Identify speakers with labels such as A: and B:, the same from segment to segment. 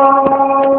A: Oh.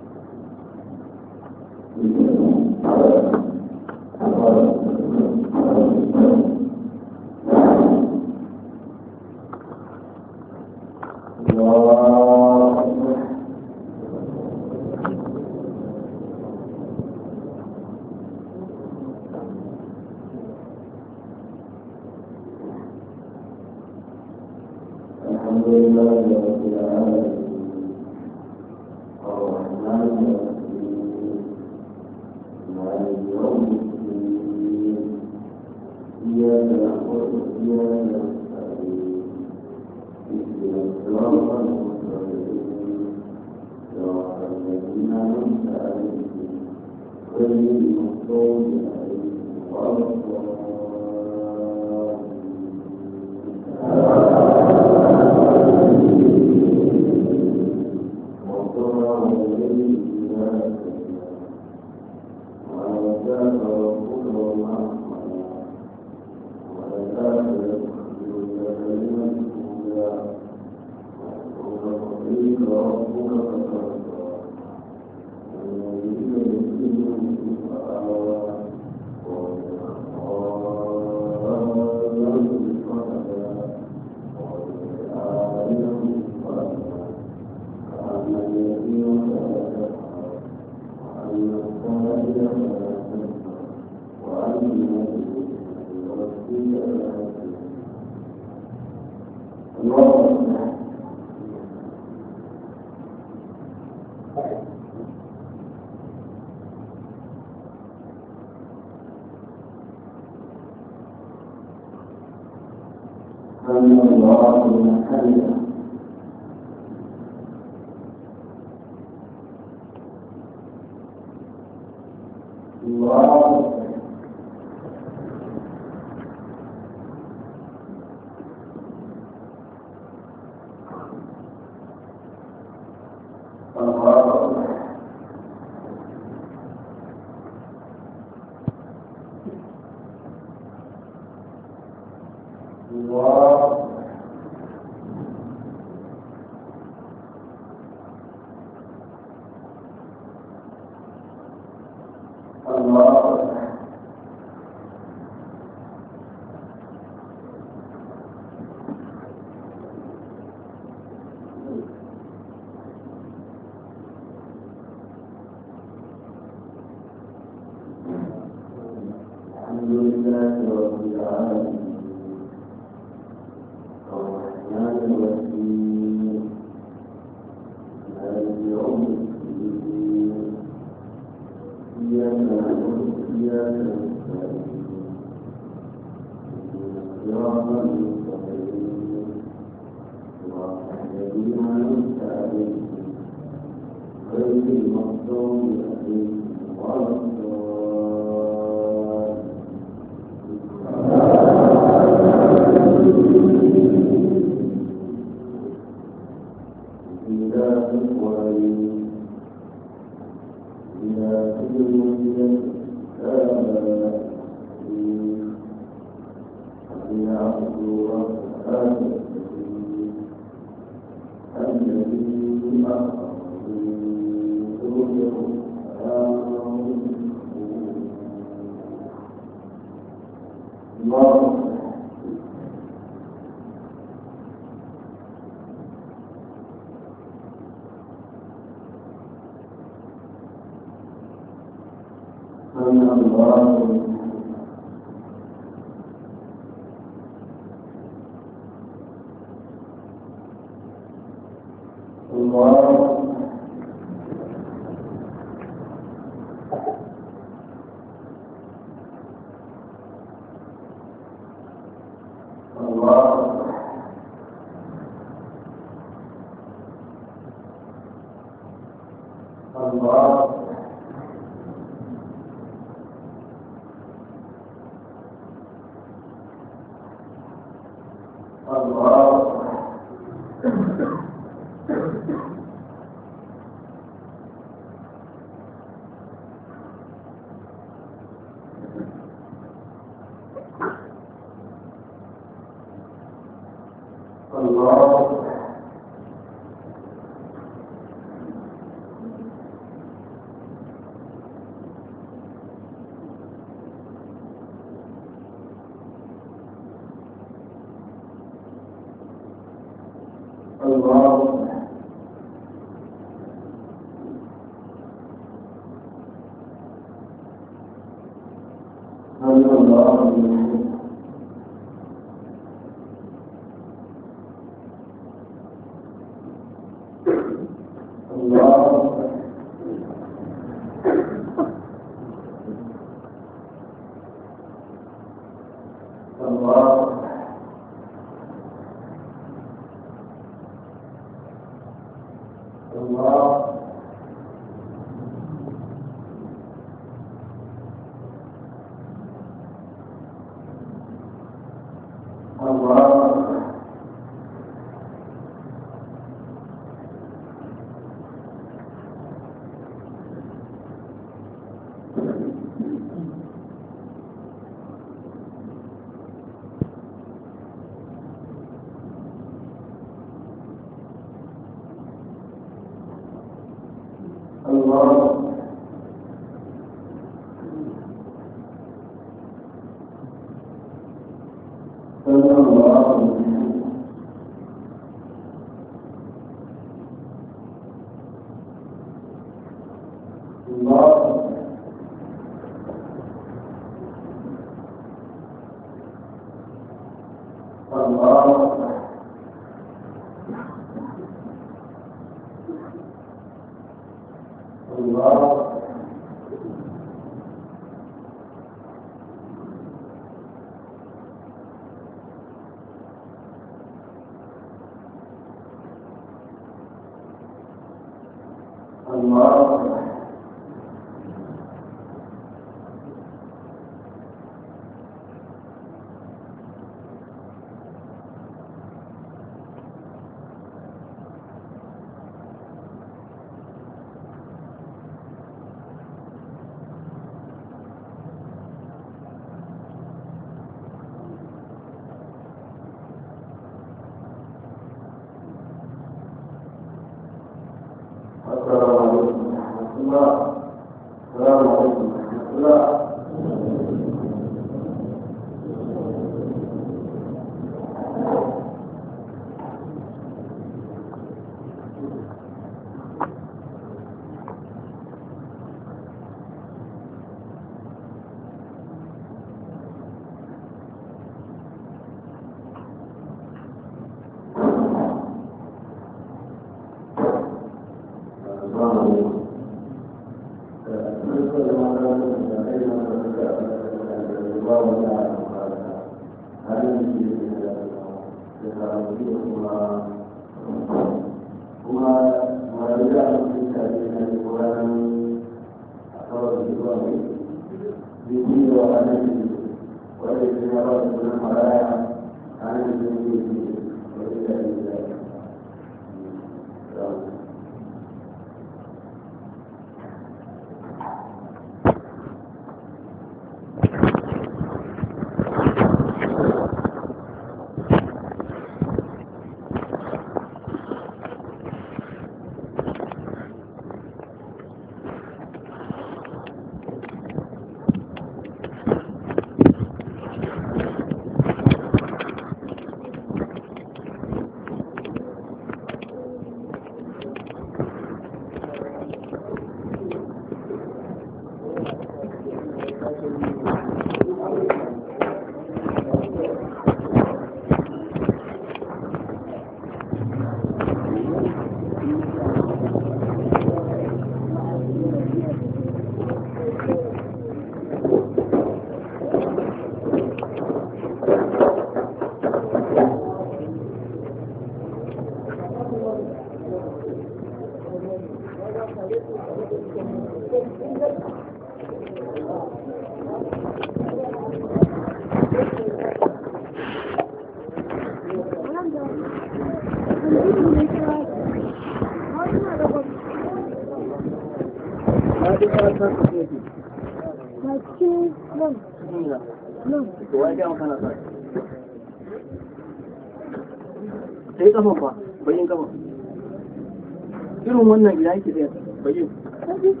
A: Thank you, da ba you.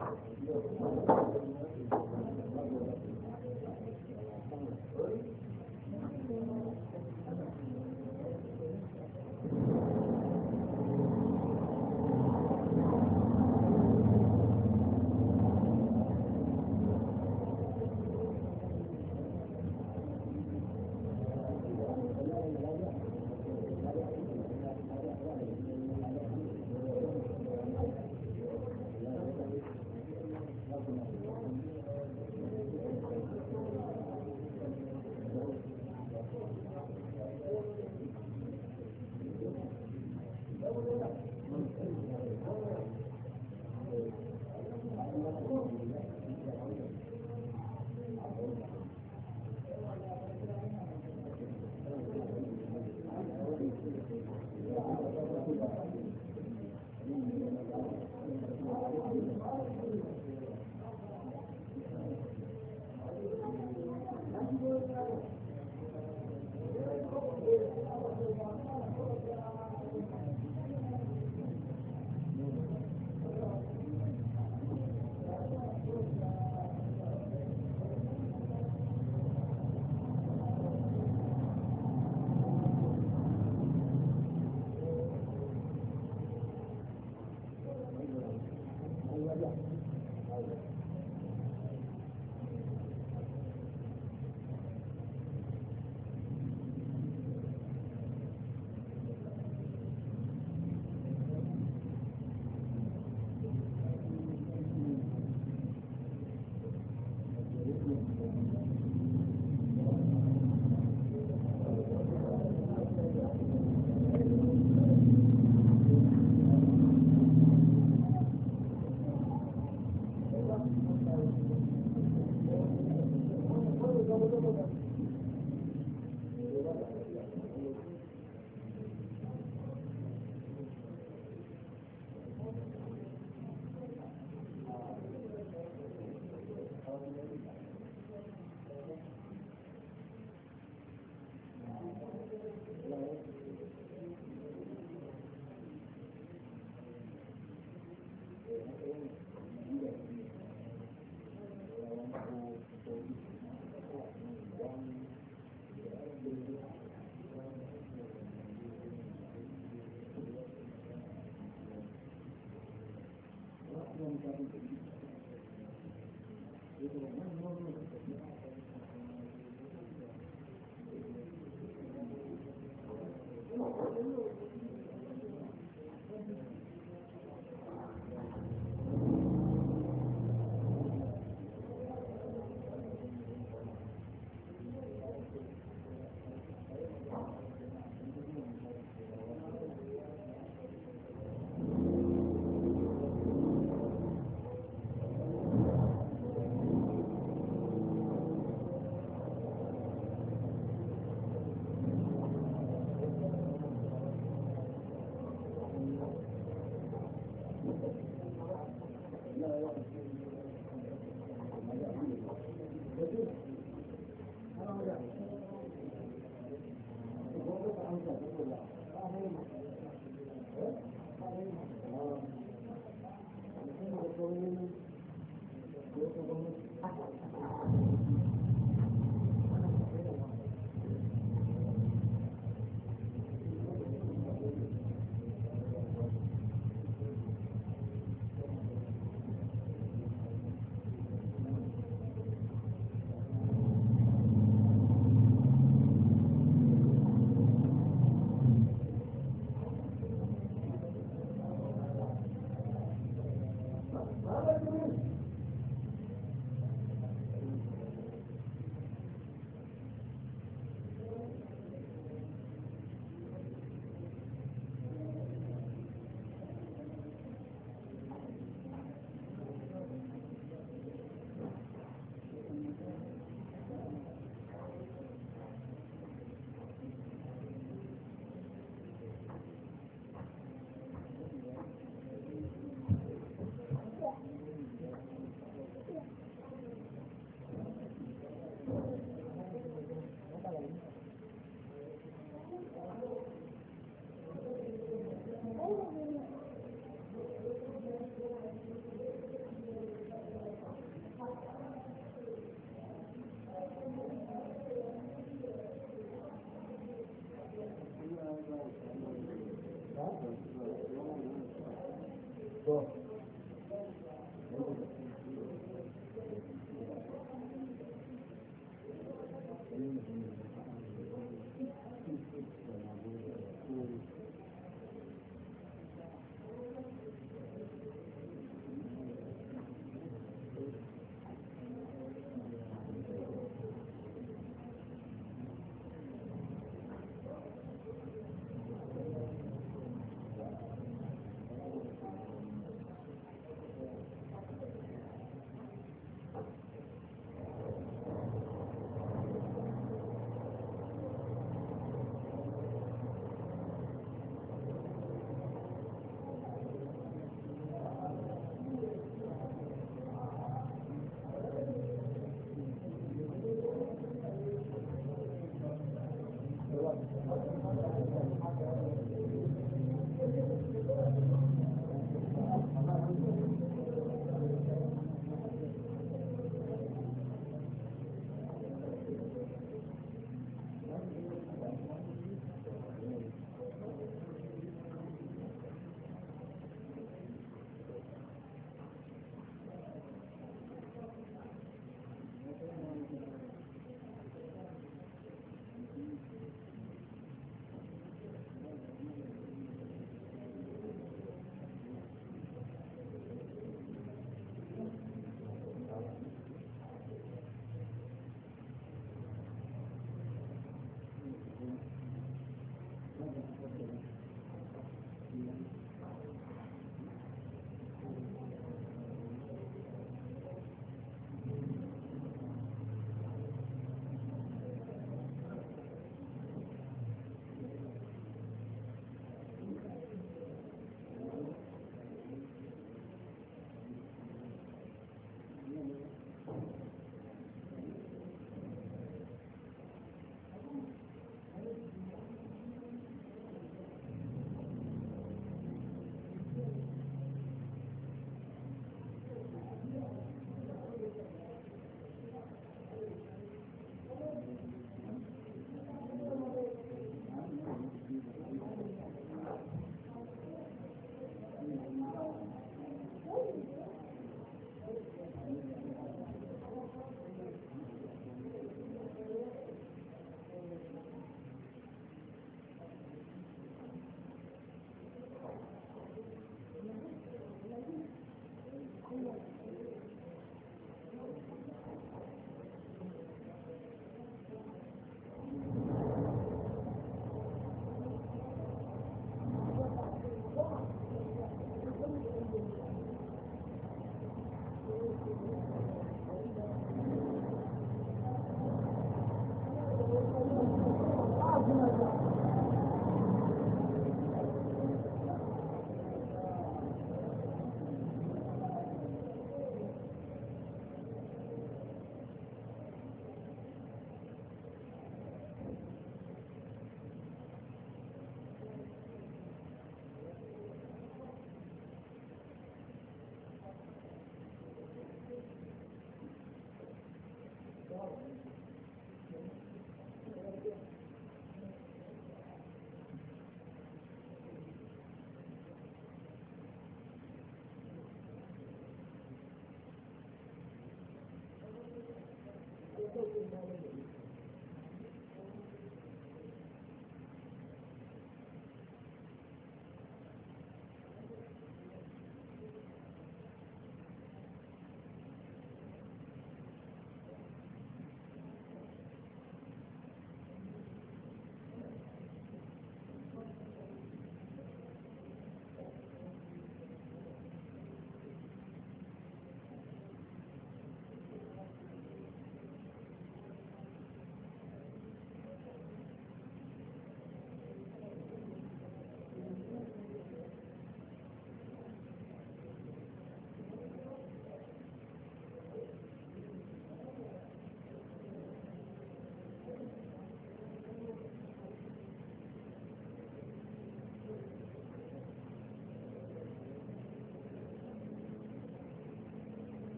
B: Thank you. Gracias.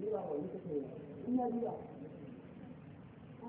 B: 你要我一个朋你要不要？啊！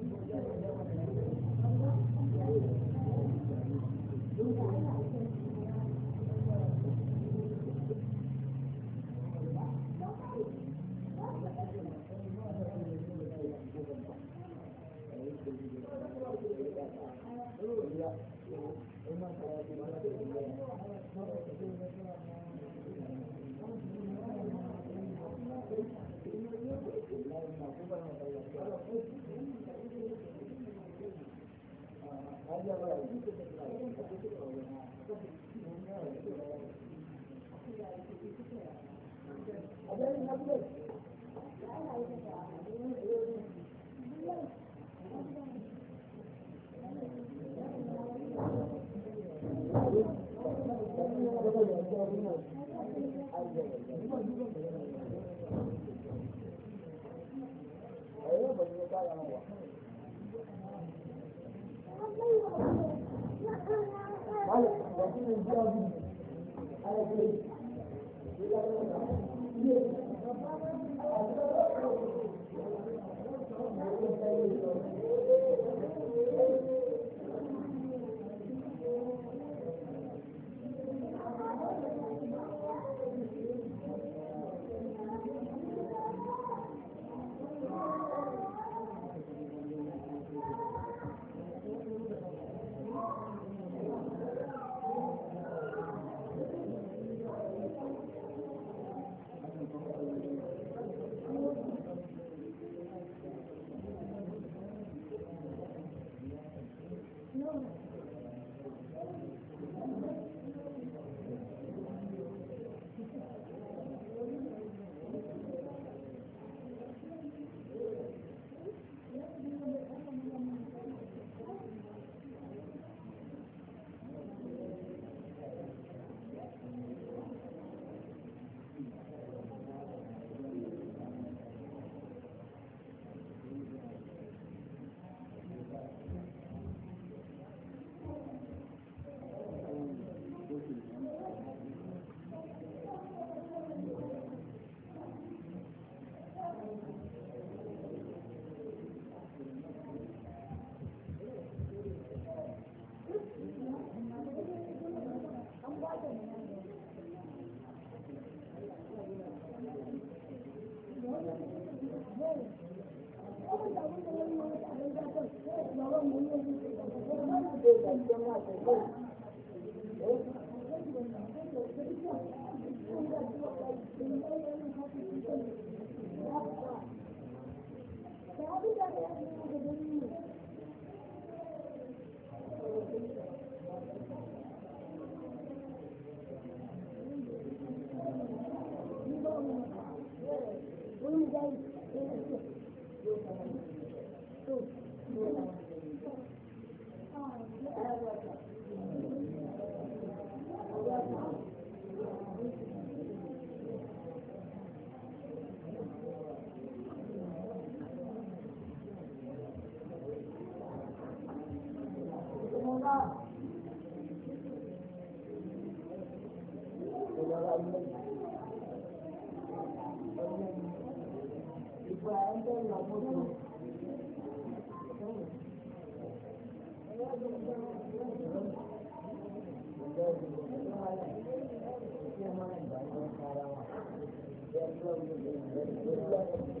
B: Thank you.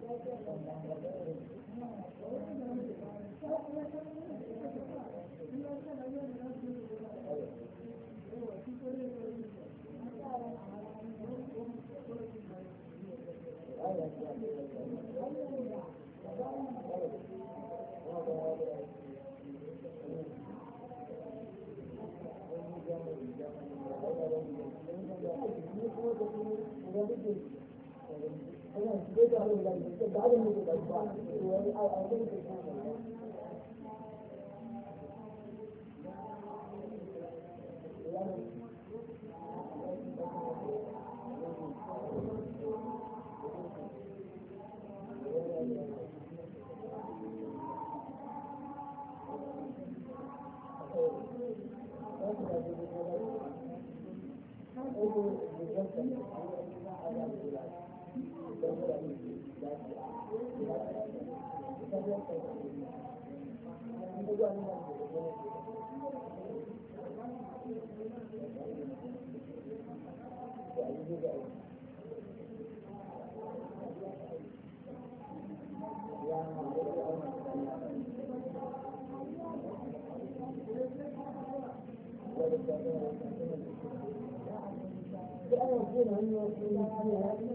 B: Gracias. بعد من الأسبوع Gracias.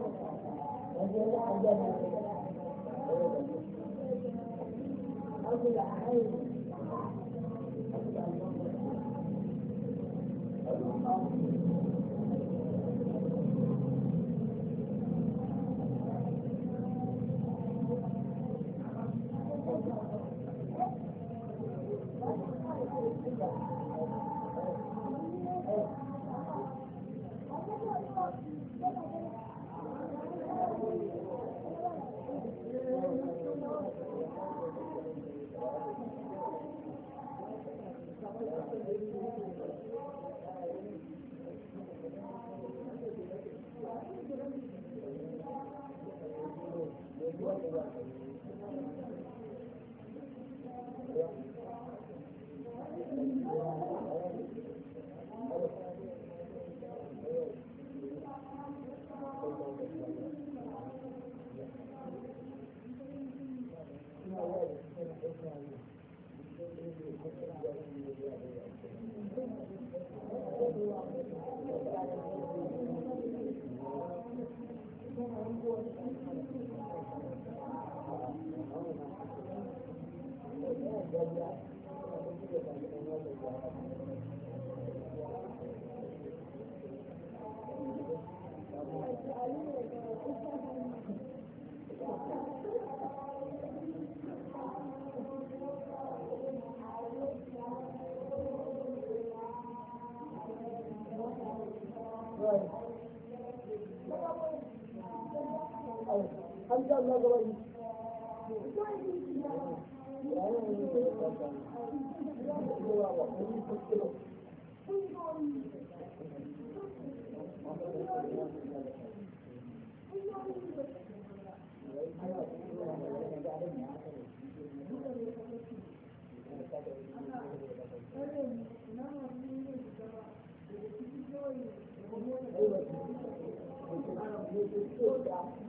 B: Punjab लग रही Thank you.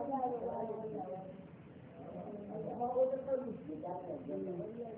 B: Thank you.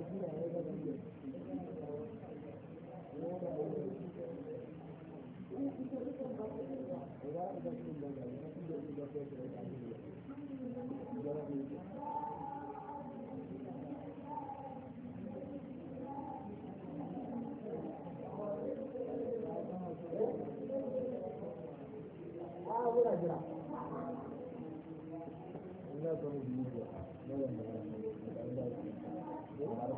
B: Thank you.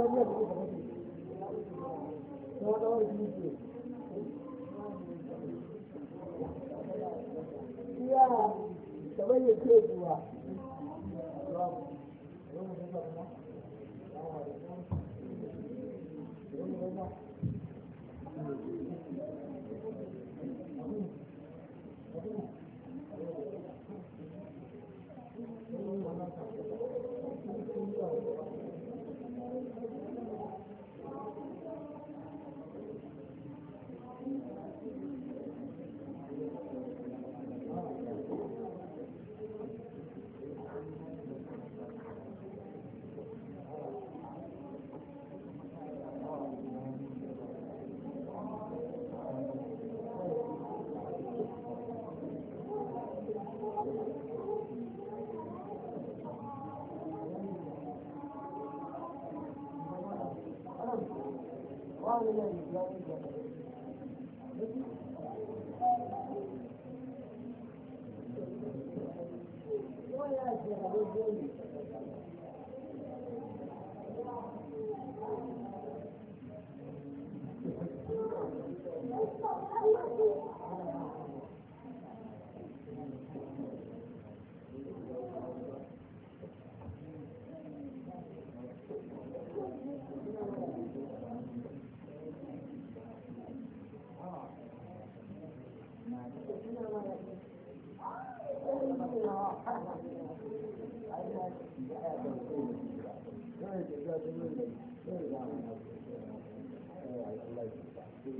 B: والنبي na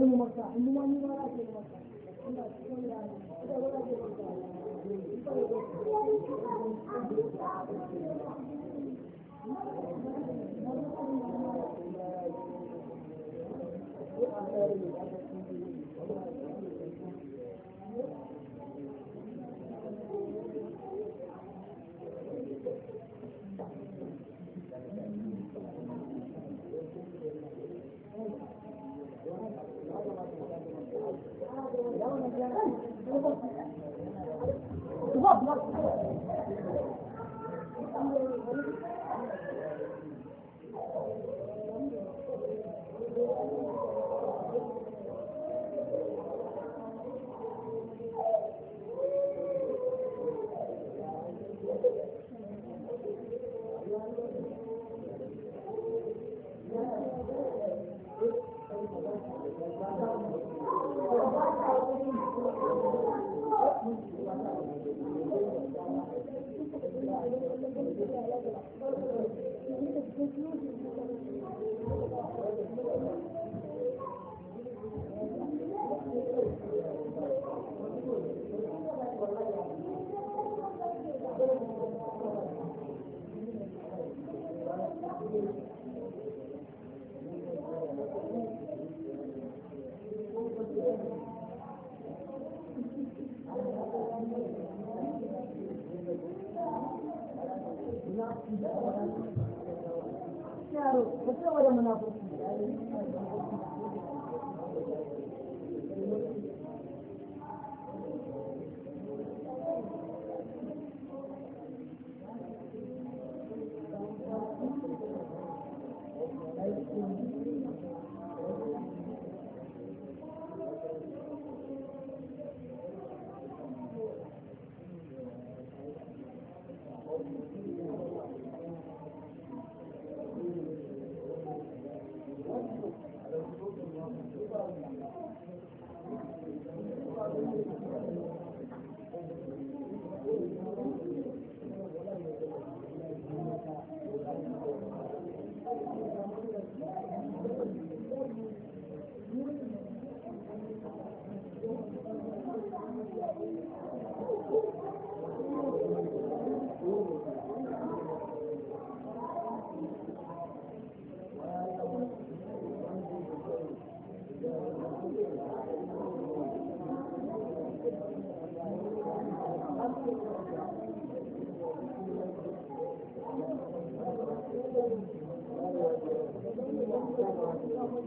B: ومن مصاحب ومن Thank you.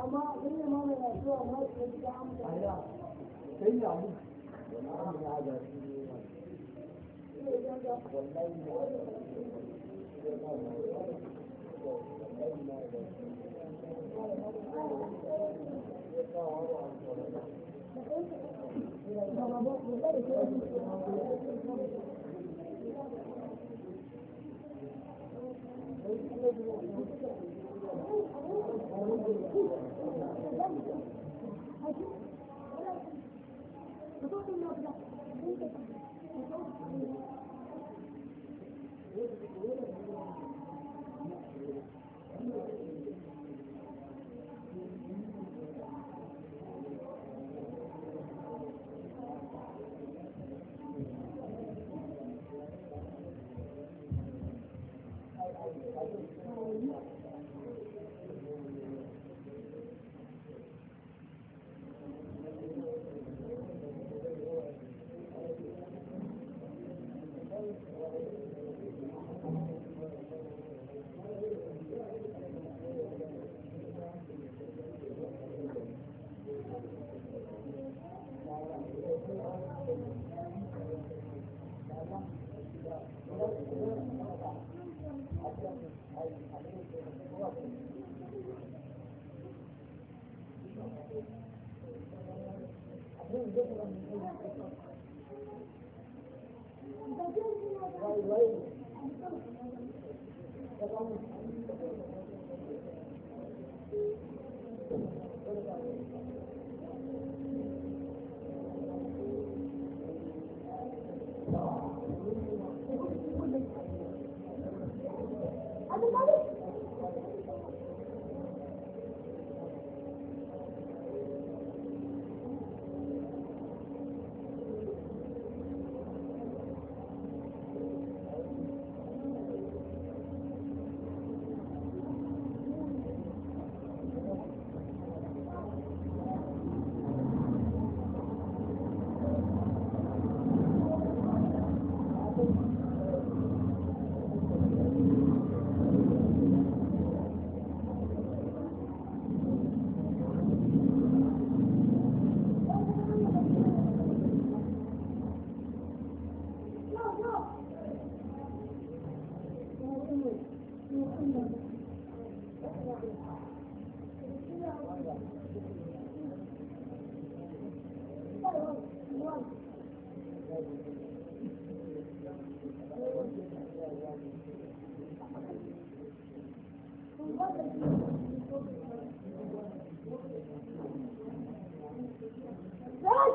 B: Ama benim hala şu an nasıl bir amca? Hayır. Senin de amca. Thank you. ¡Ay!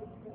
B: Thank you.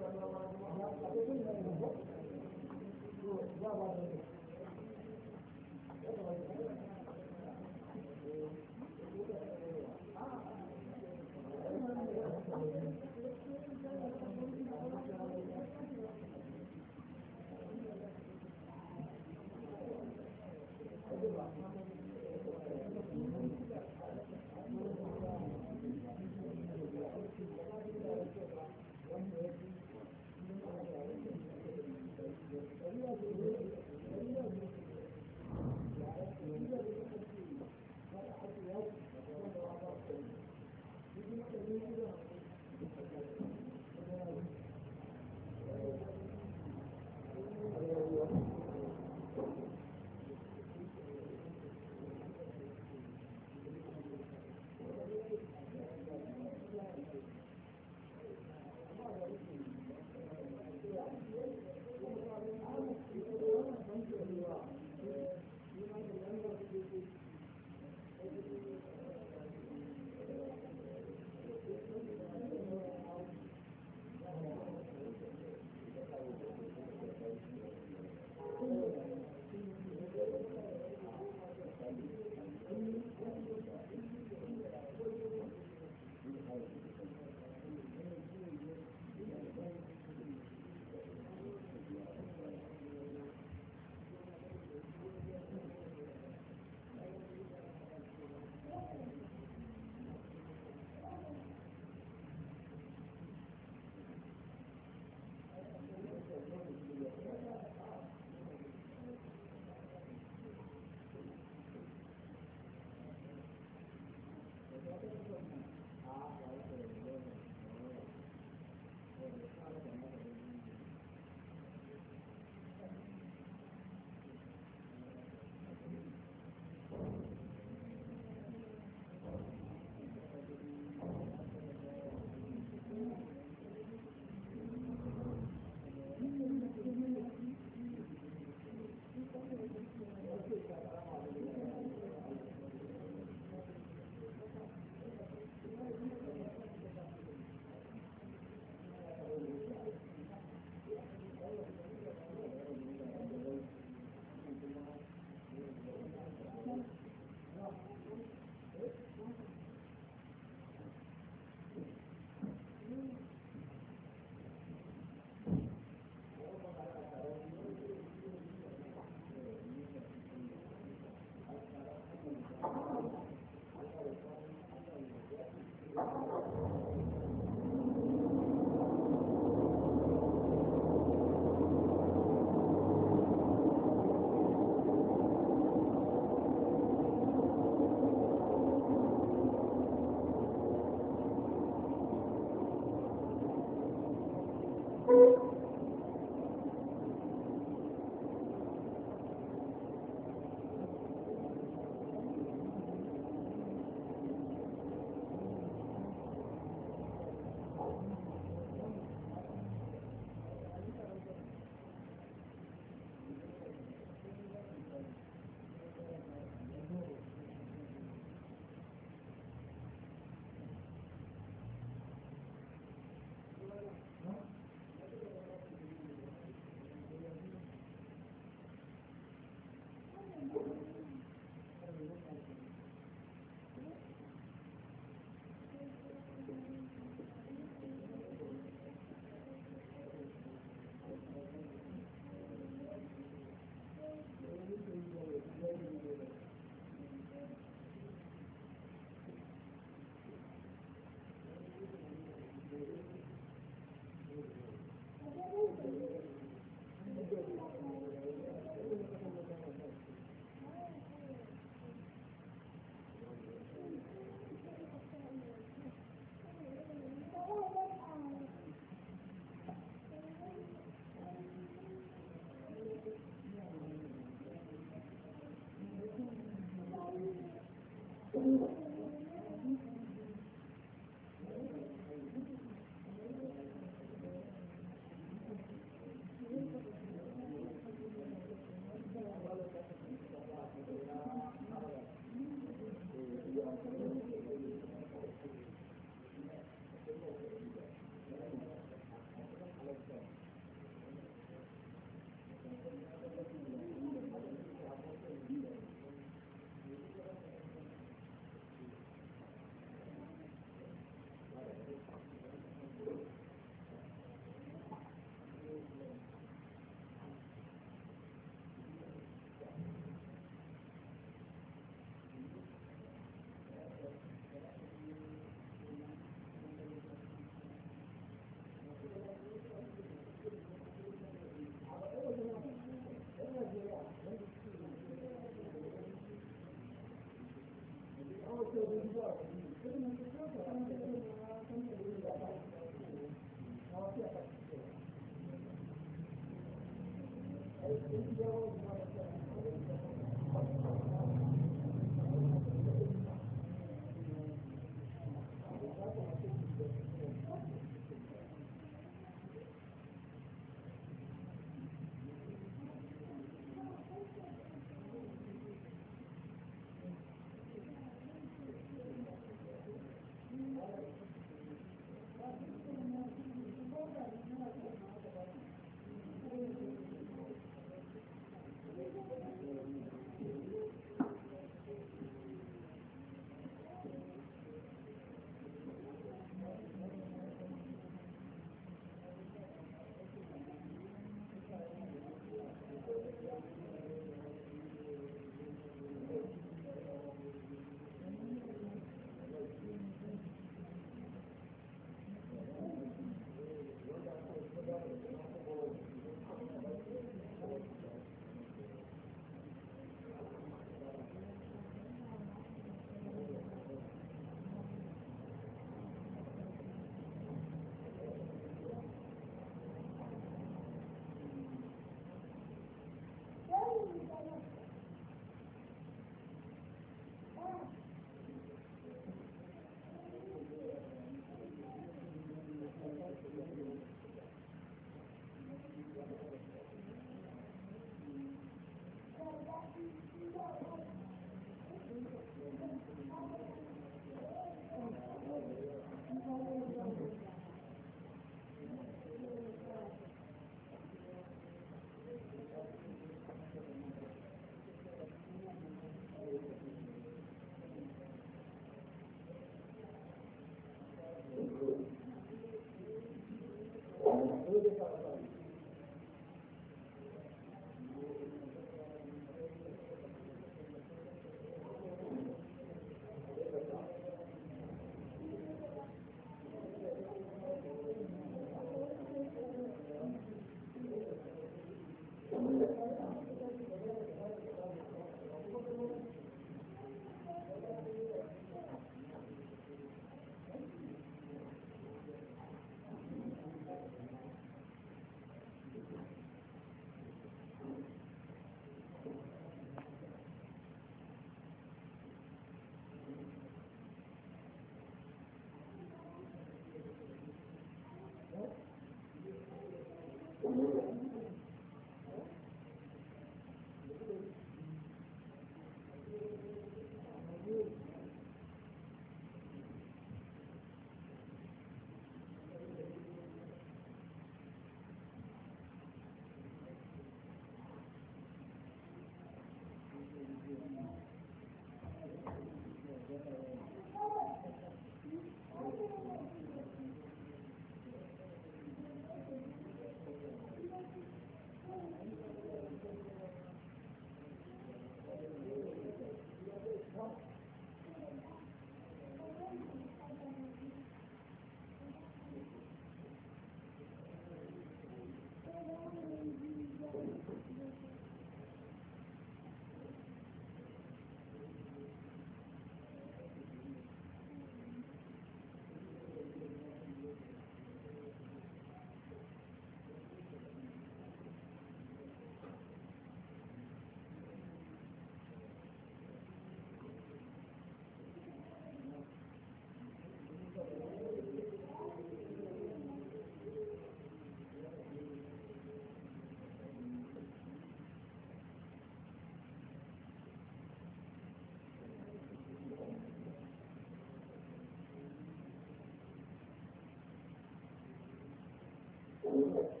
B: Thank you.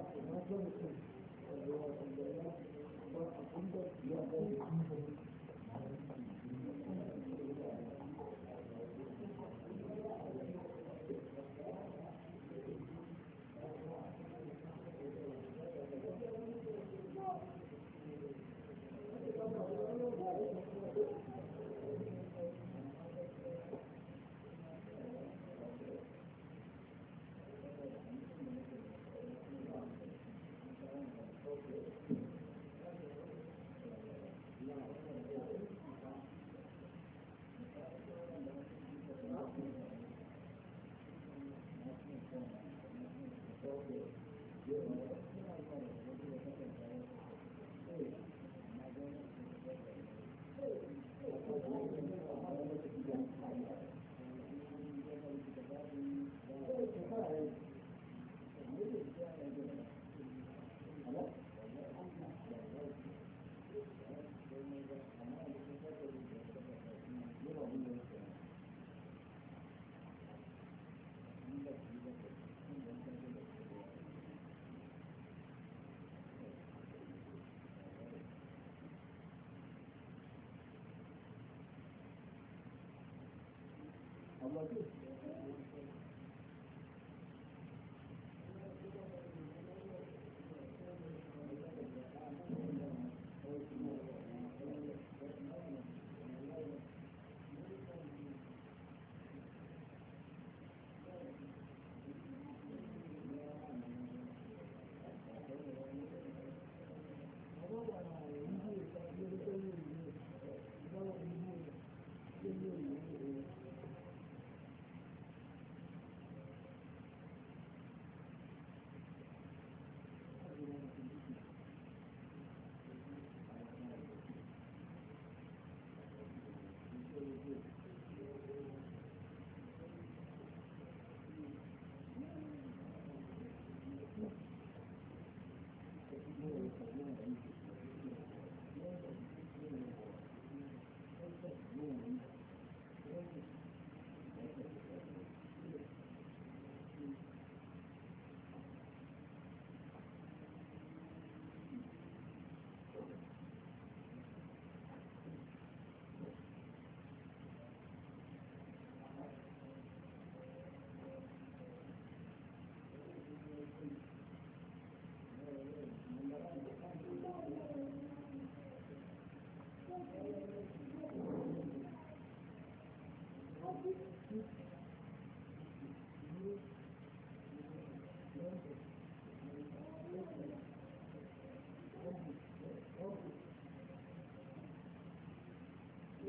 B: Thank you. ọmọ tó ti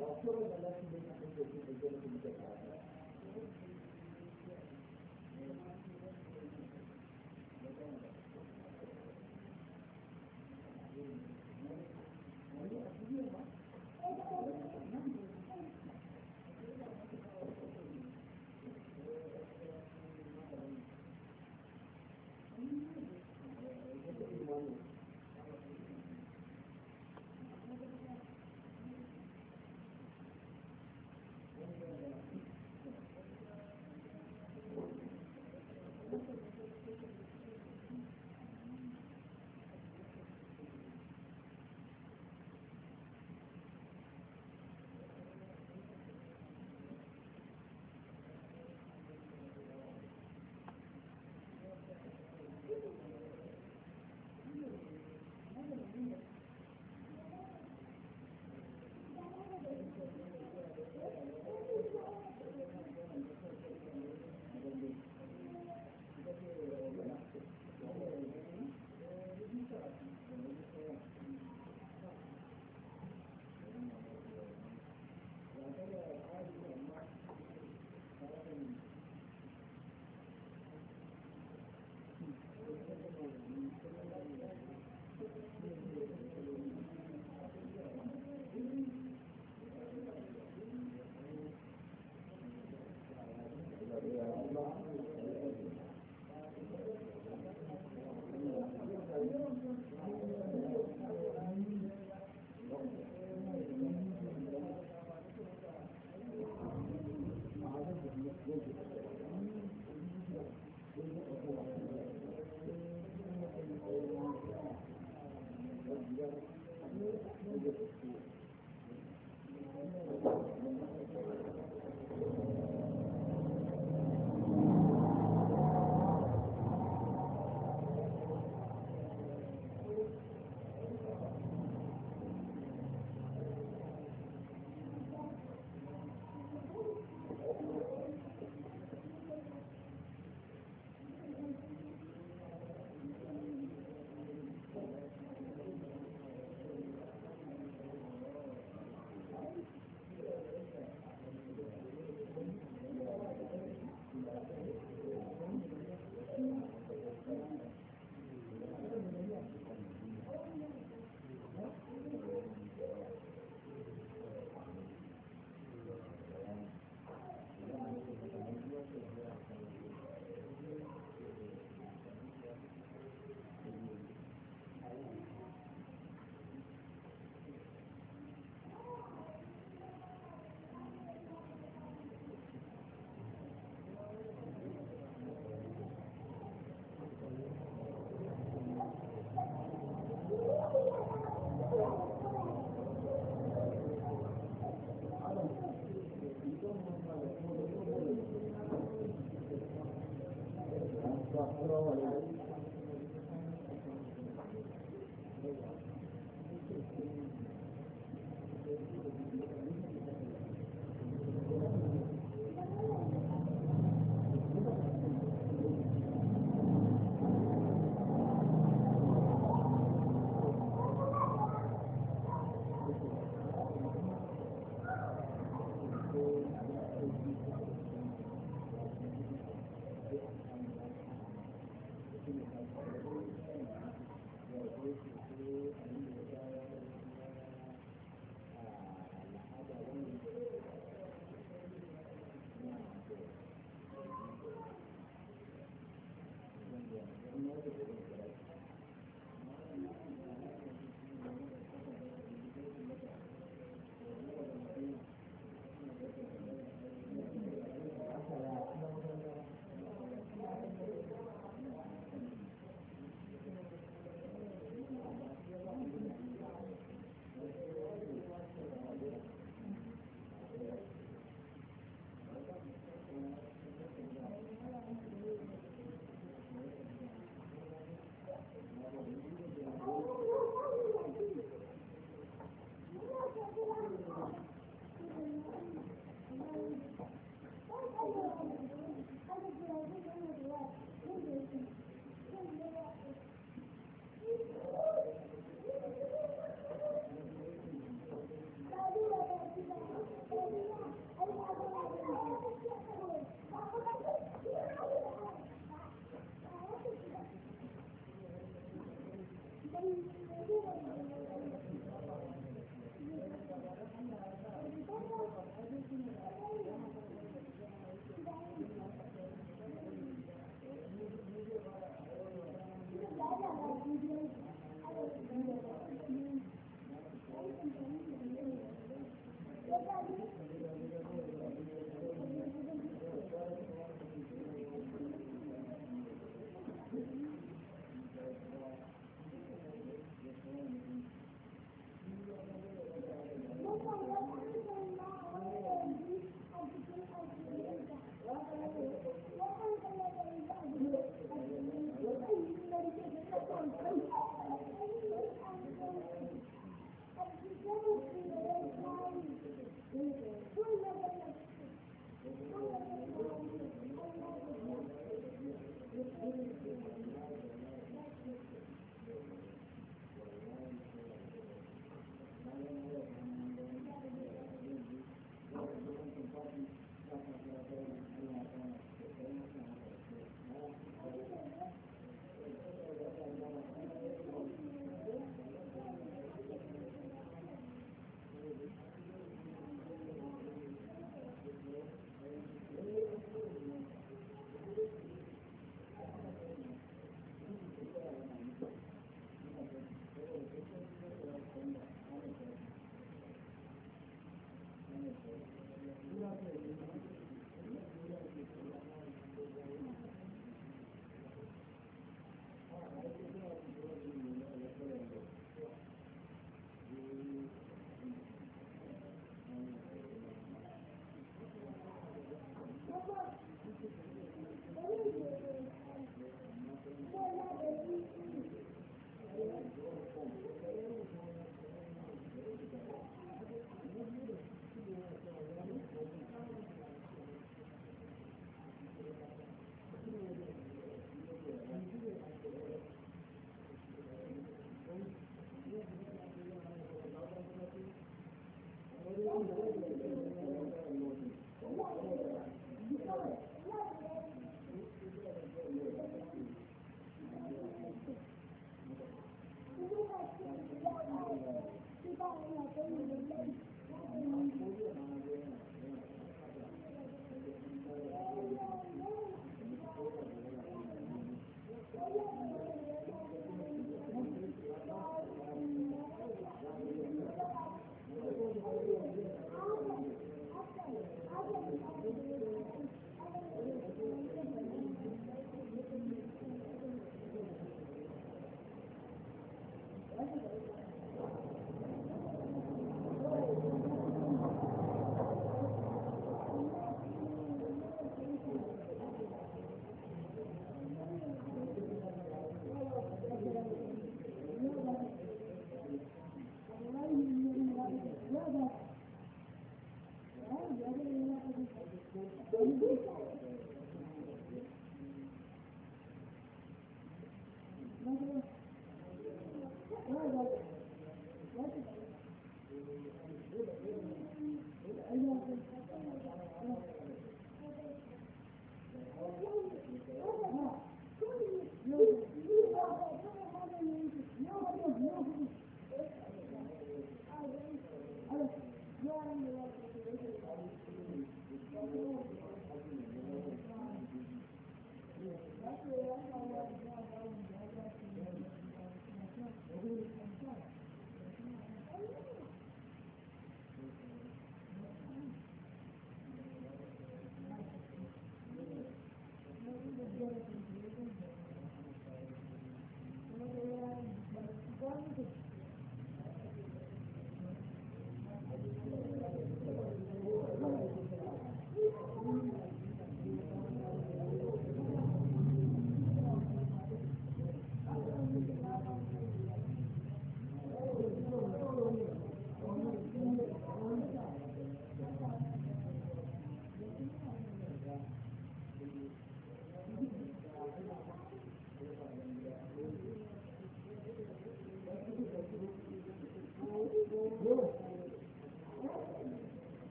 B: wa kowane lafi ne a cikin da ke da ke da ke da ke Thank you.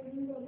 B: Thank you.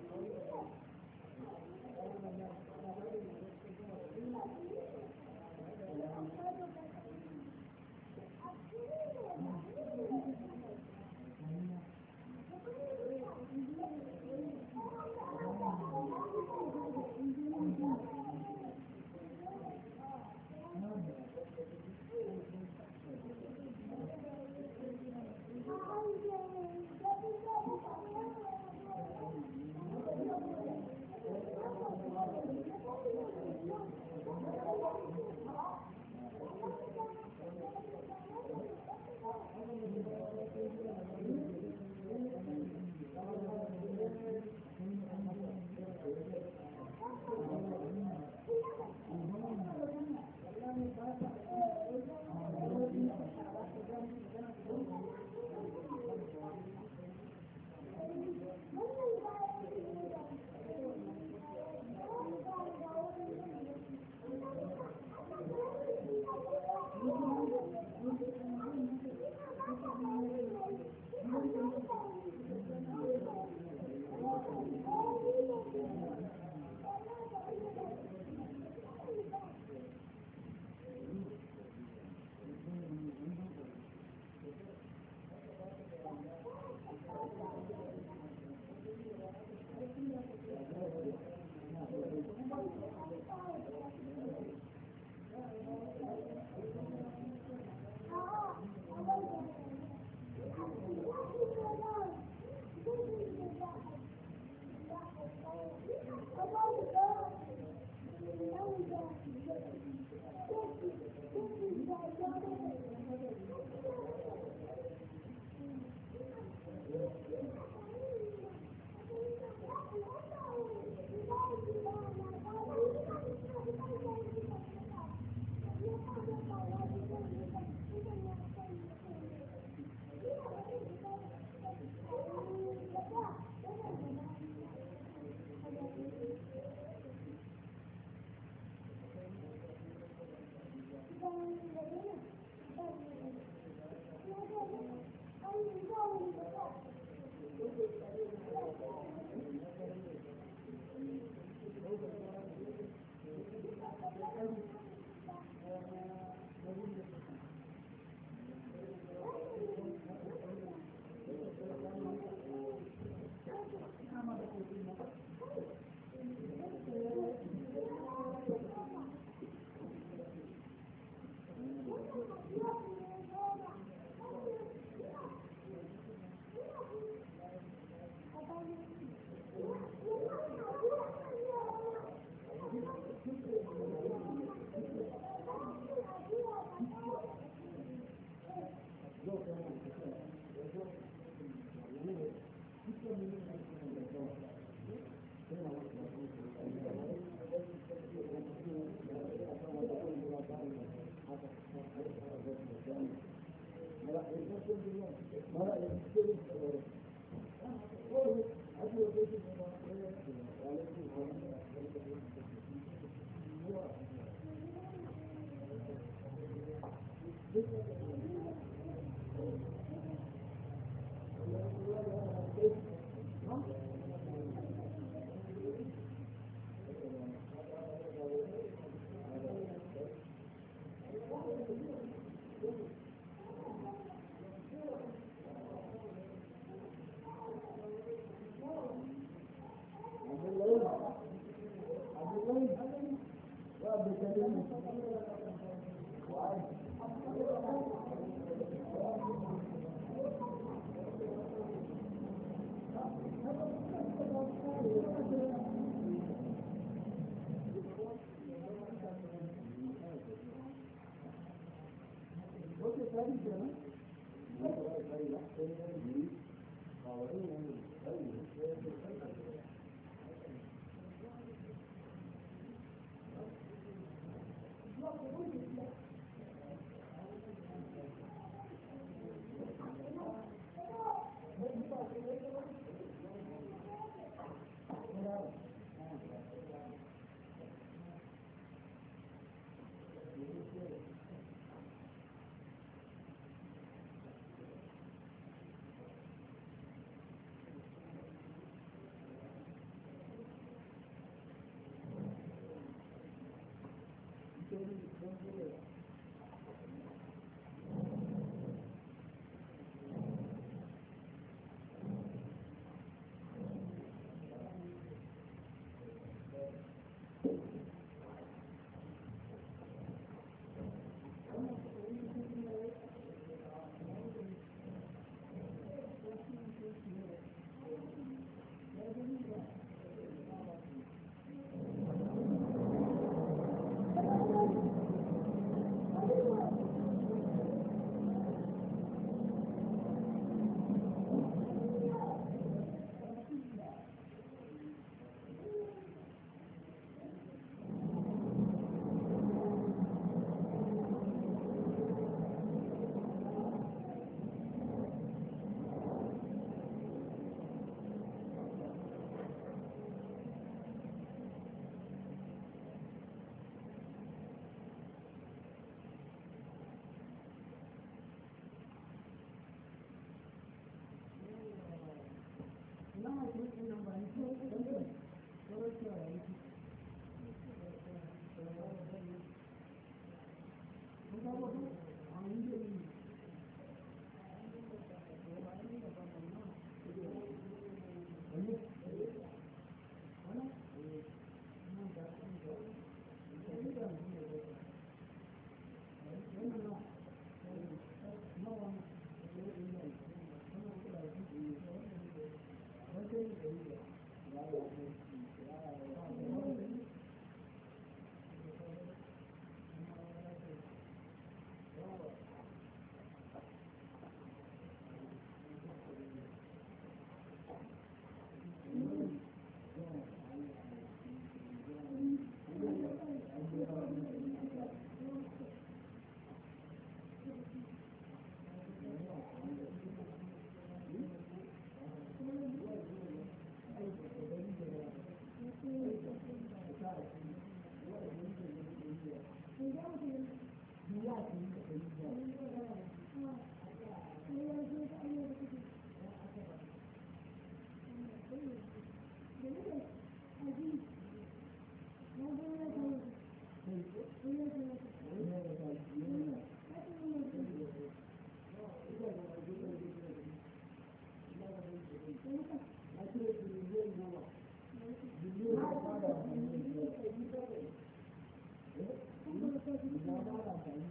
B: ولا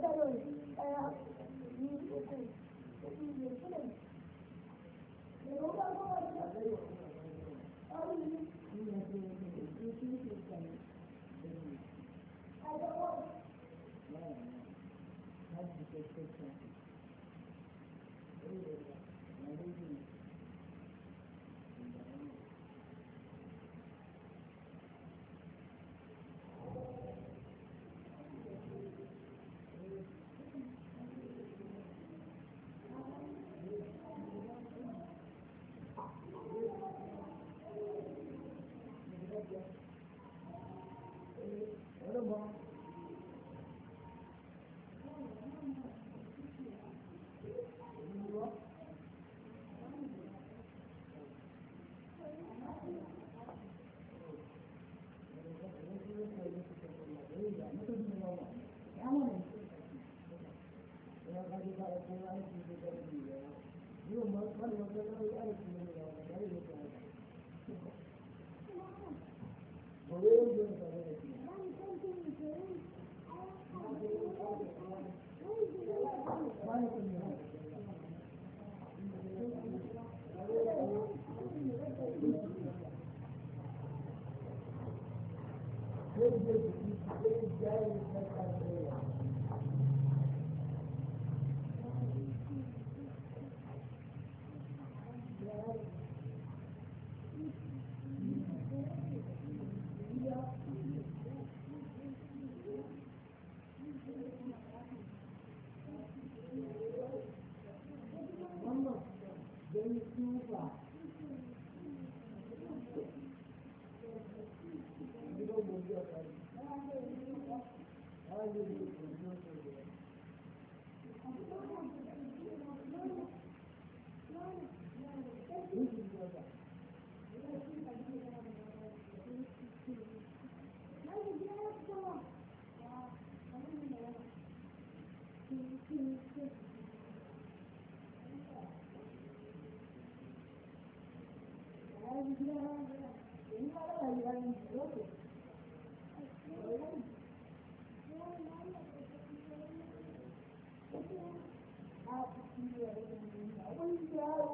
B: da ɗaya biyu وصلى الله عليه وسلم para llevar en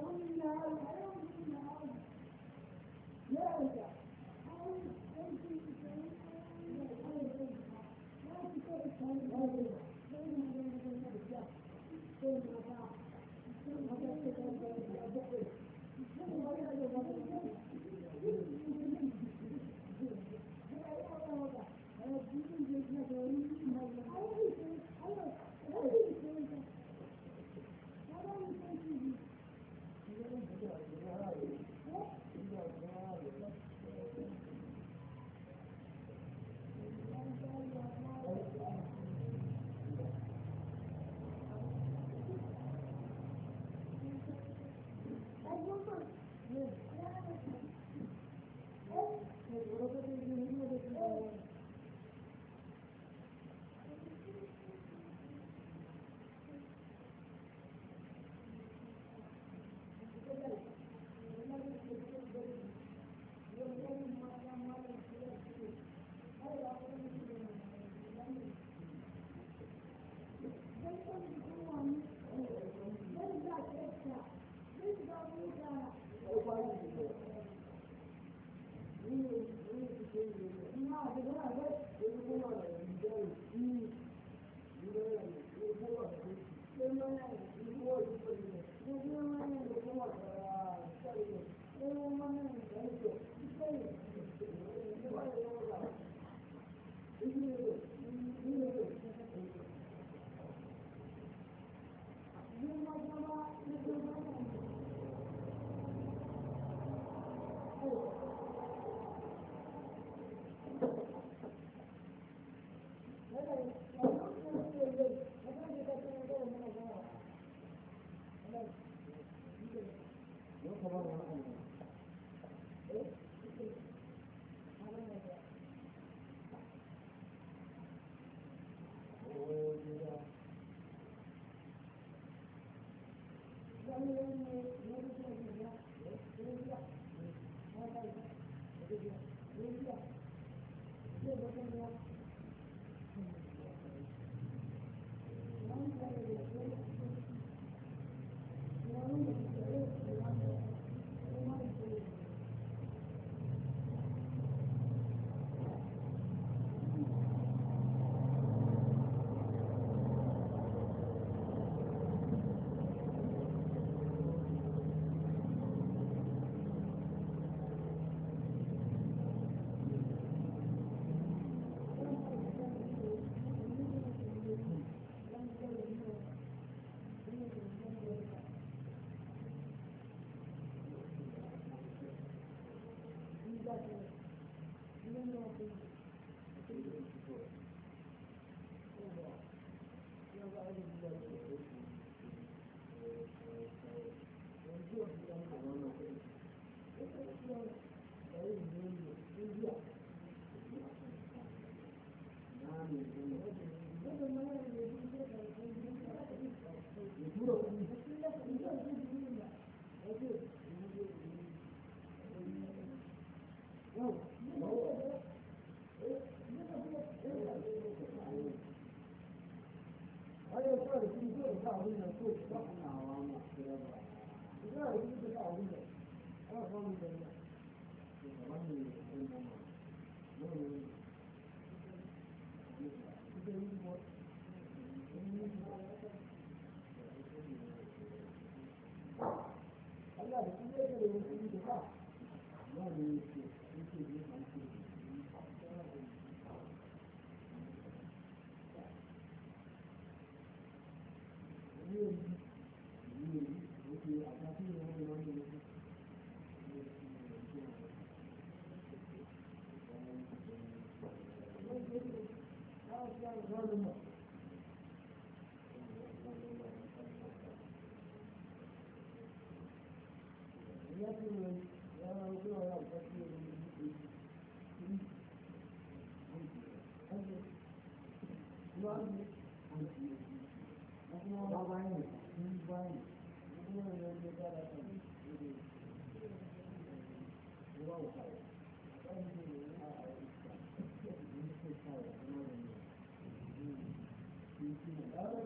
B: Gracias.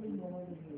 B: ọmọ ìgbìmọ̀ ọmọ ìgbìmọ̀.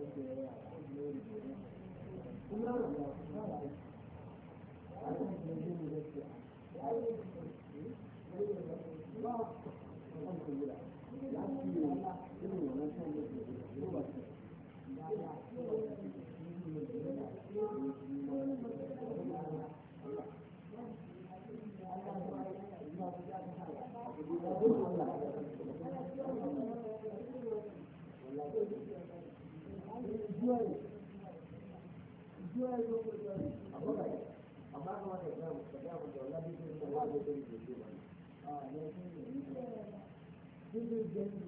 B: Thank you. they get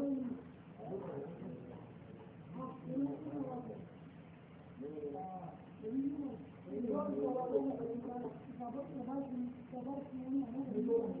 B: Thank you.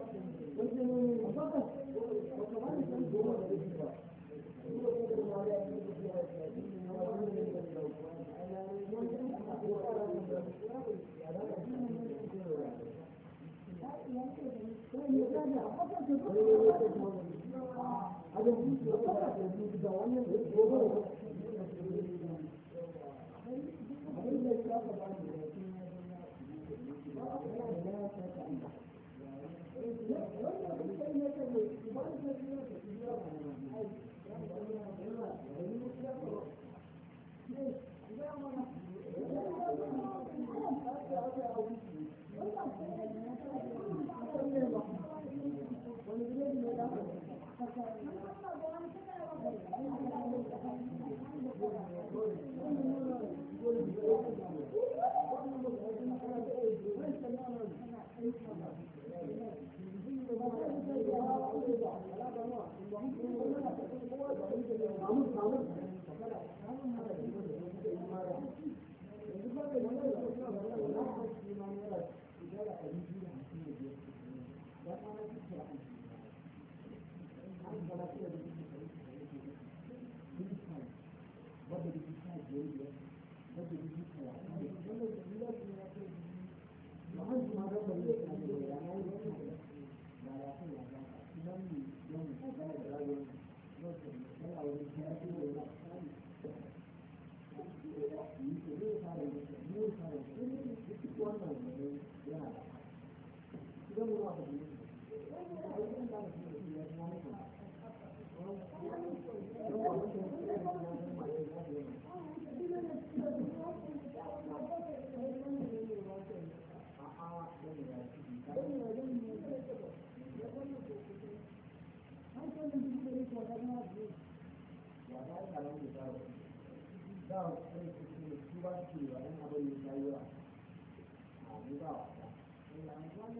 B: 嗯。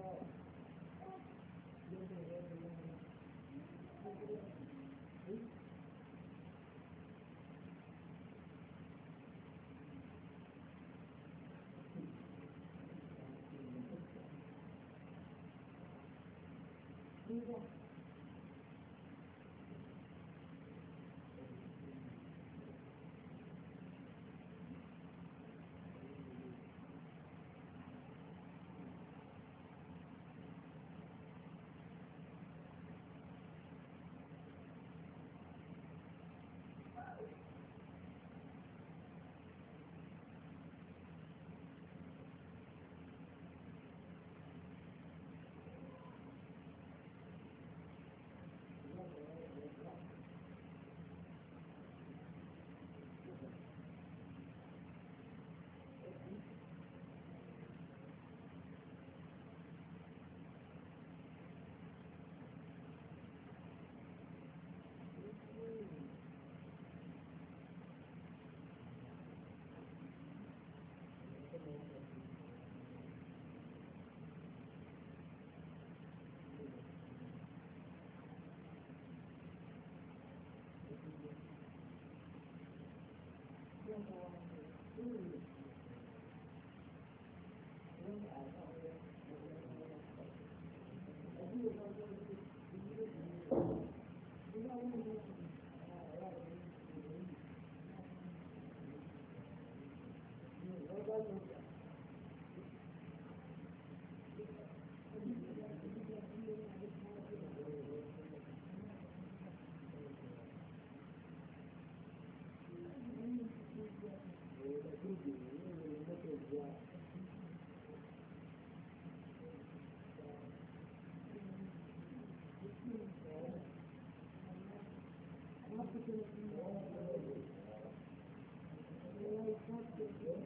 B: Thank you. Thank you.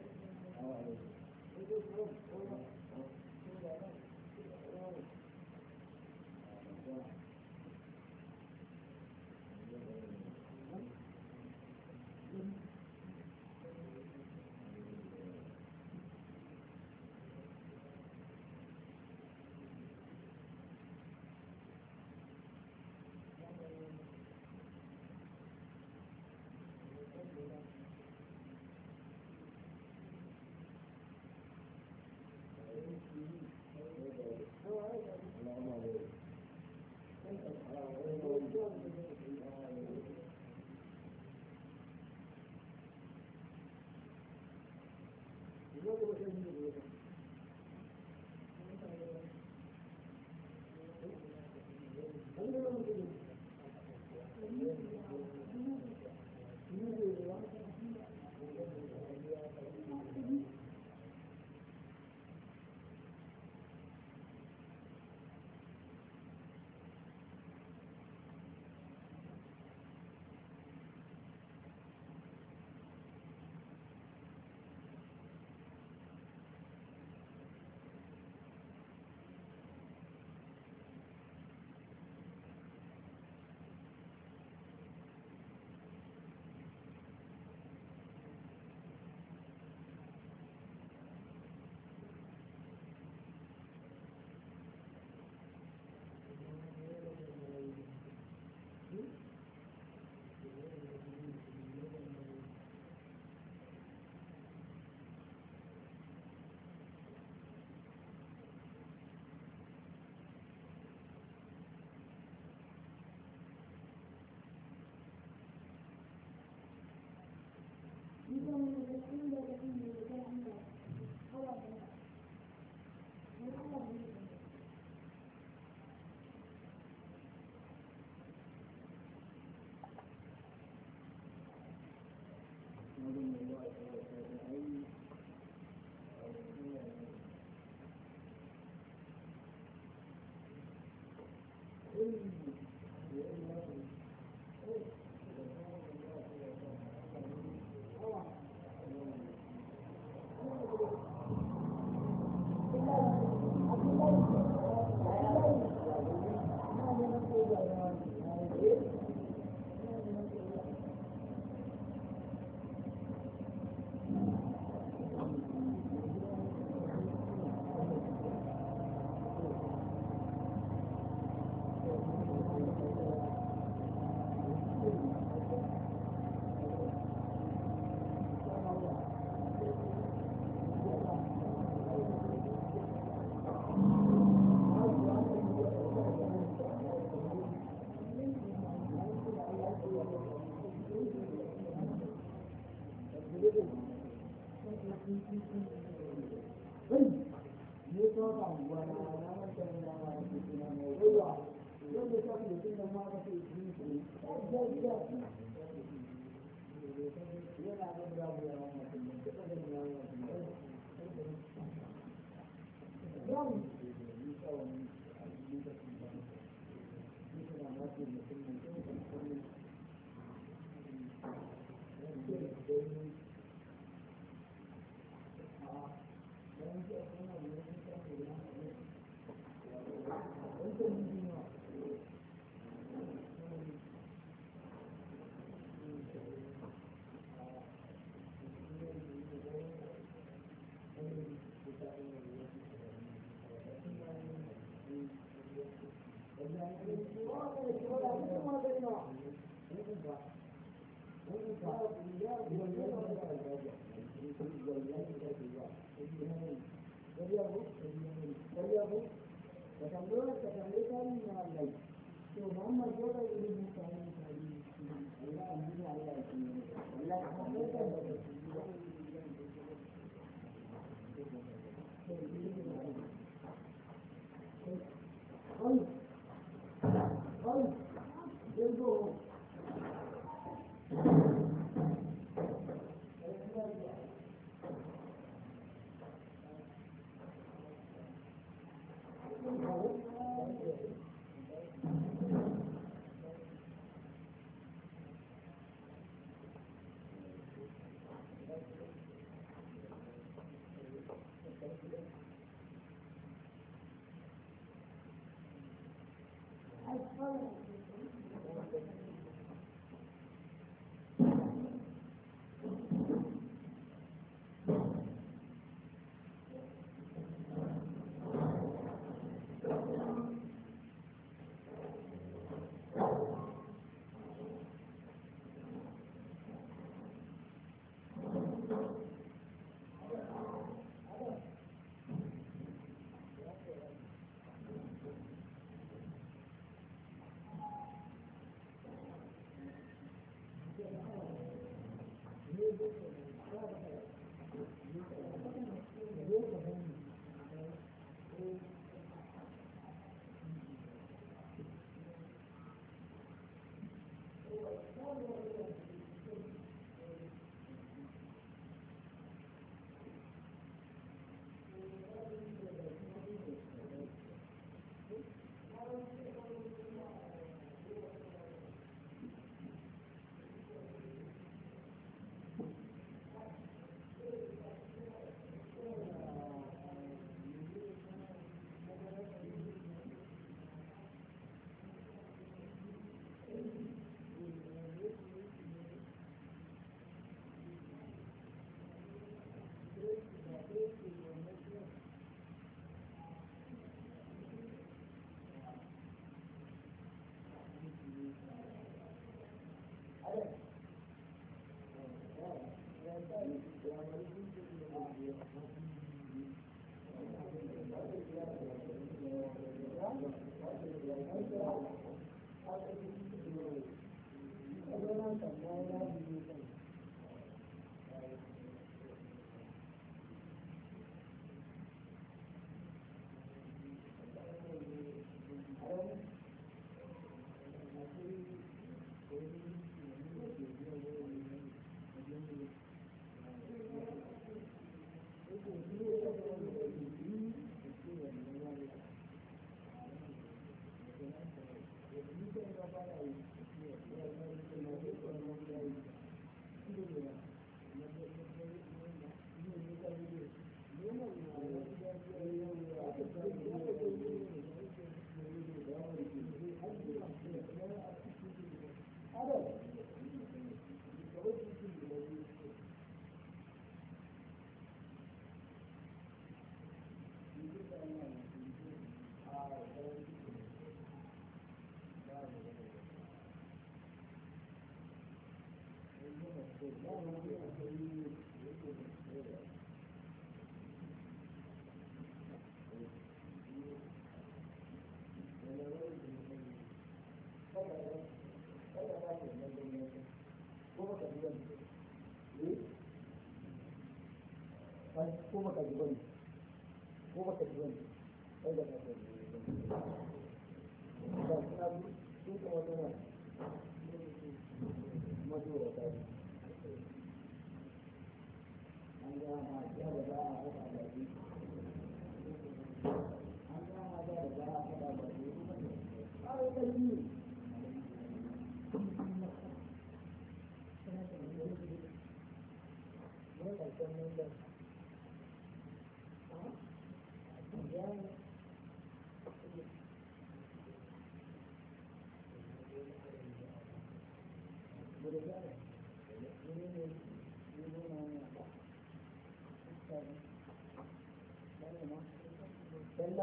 B: yawon da ya yi tsawon a cikin da ya yi yi da ya da ya da ya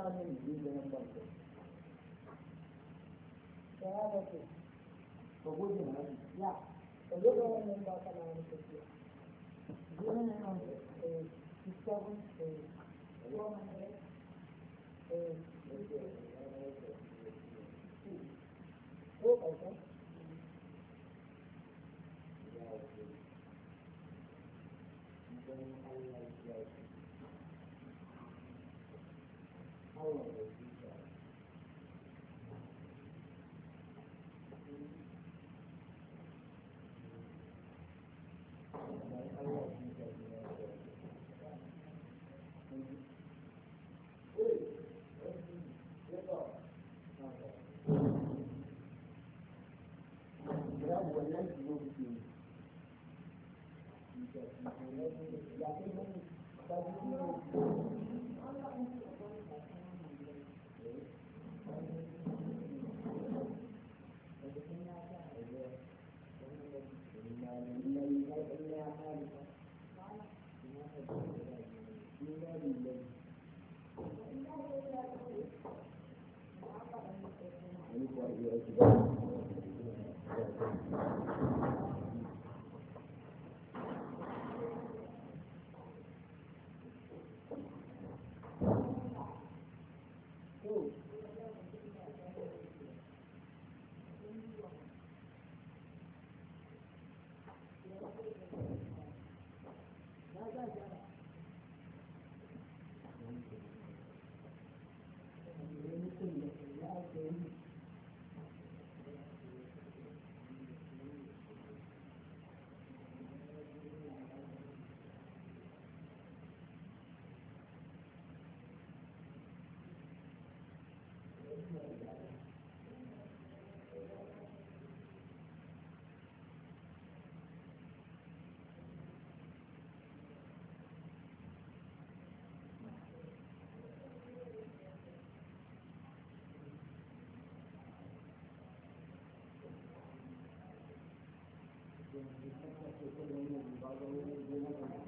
B: من دين فرده فهذا كيف وجودنا لا وجودنا من باطل عن التشريع دون أن تستغل يوما هو أيضا ne da ke kuma da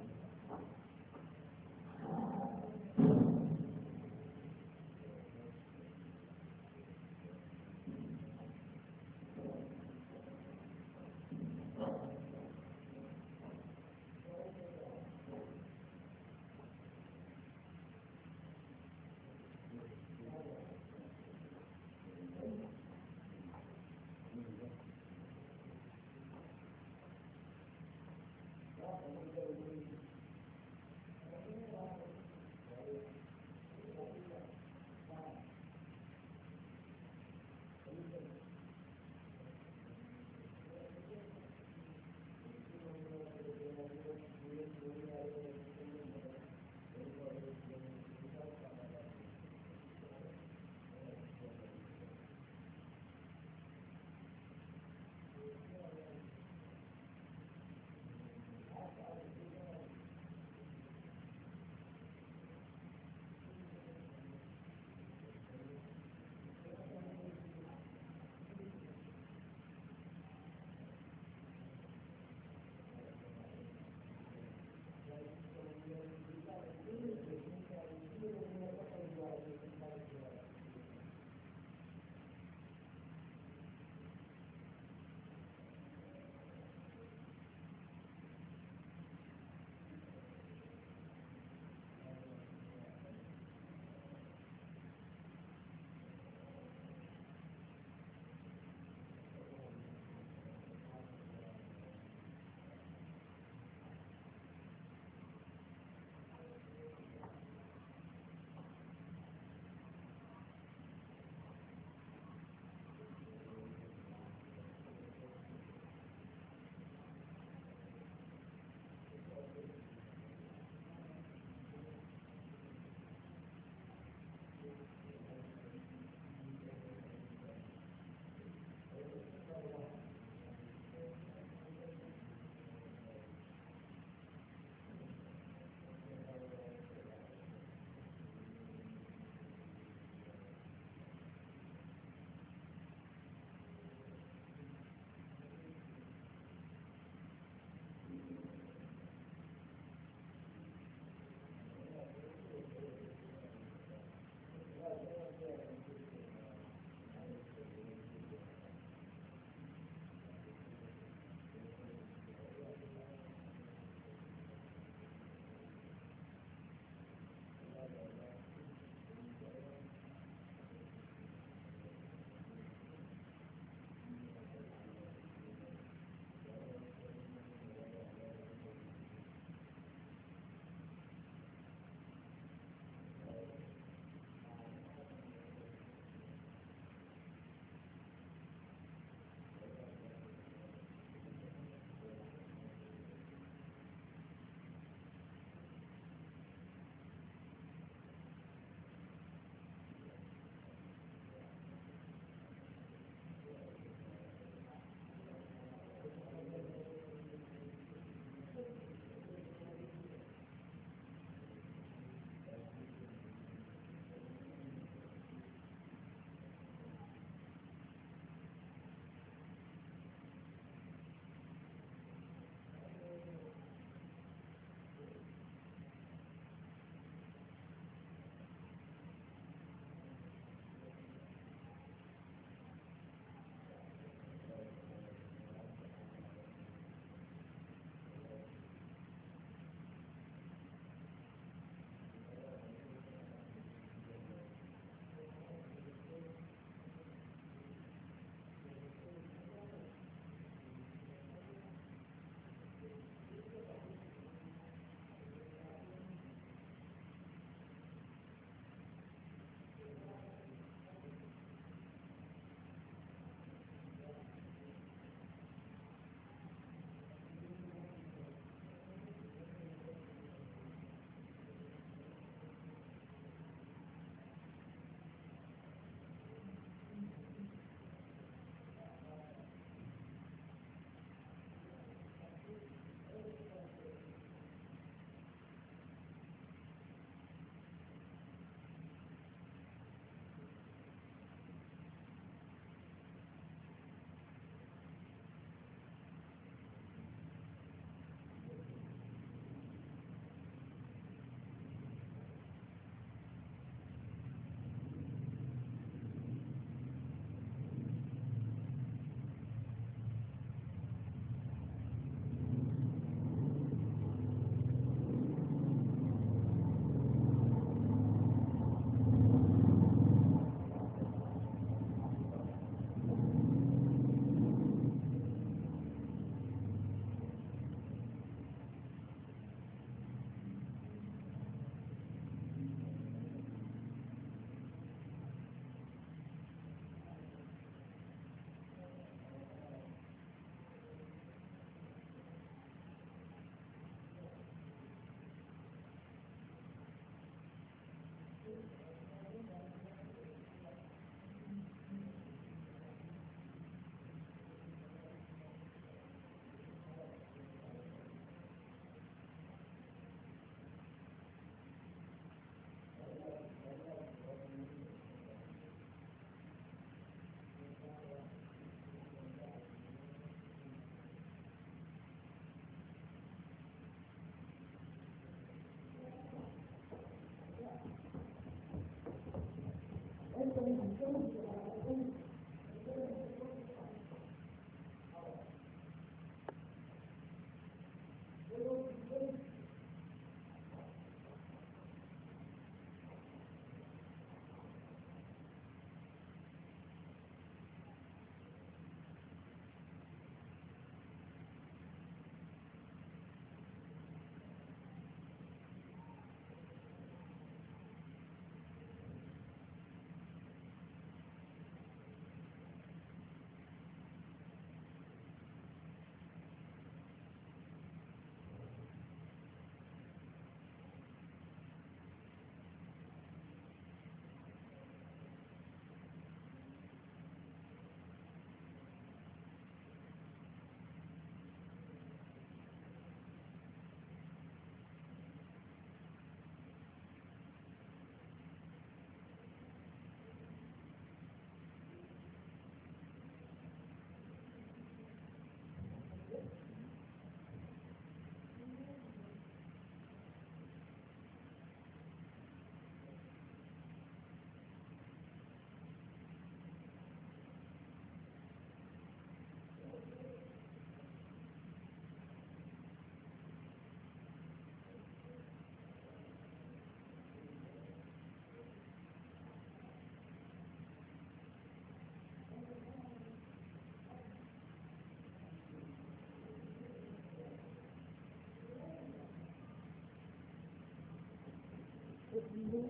B: with me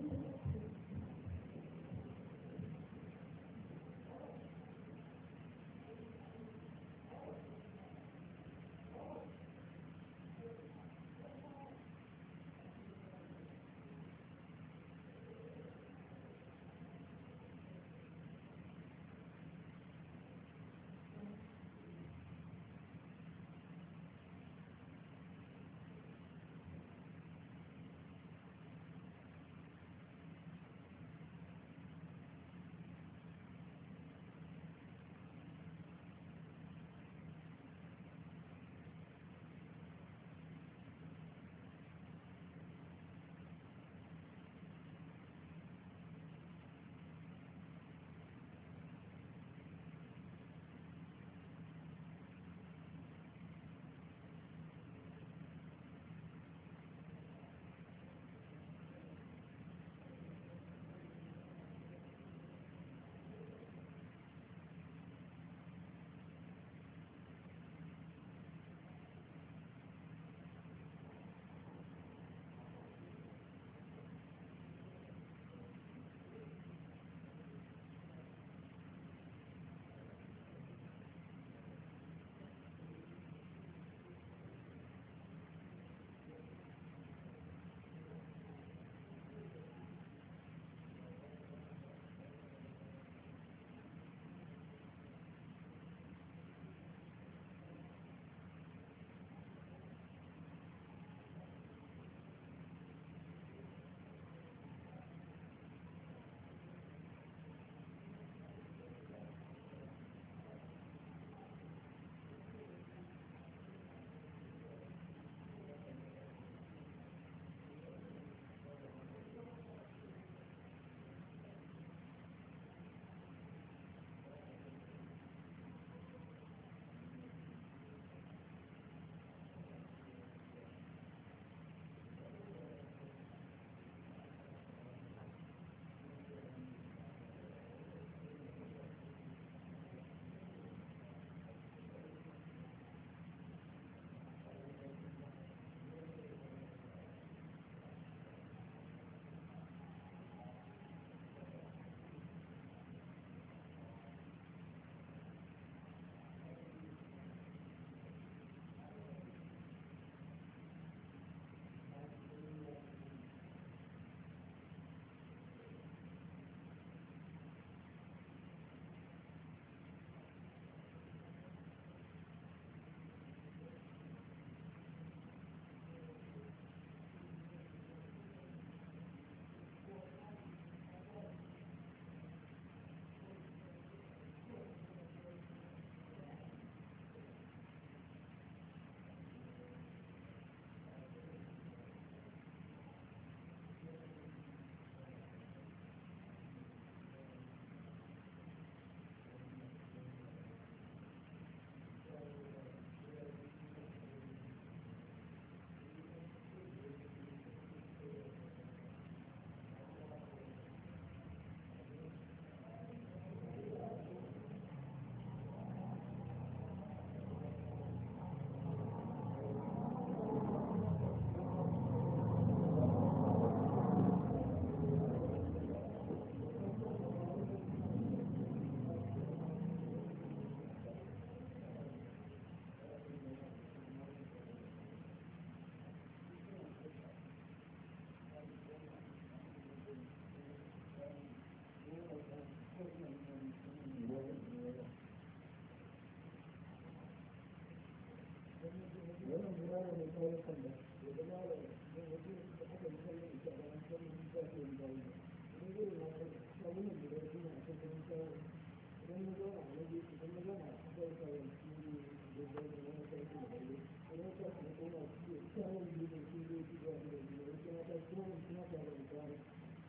B: a kuma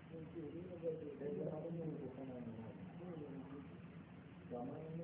B: Thank you.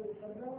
B: وسلم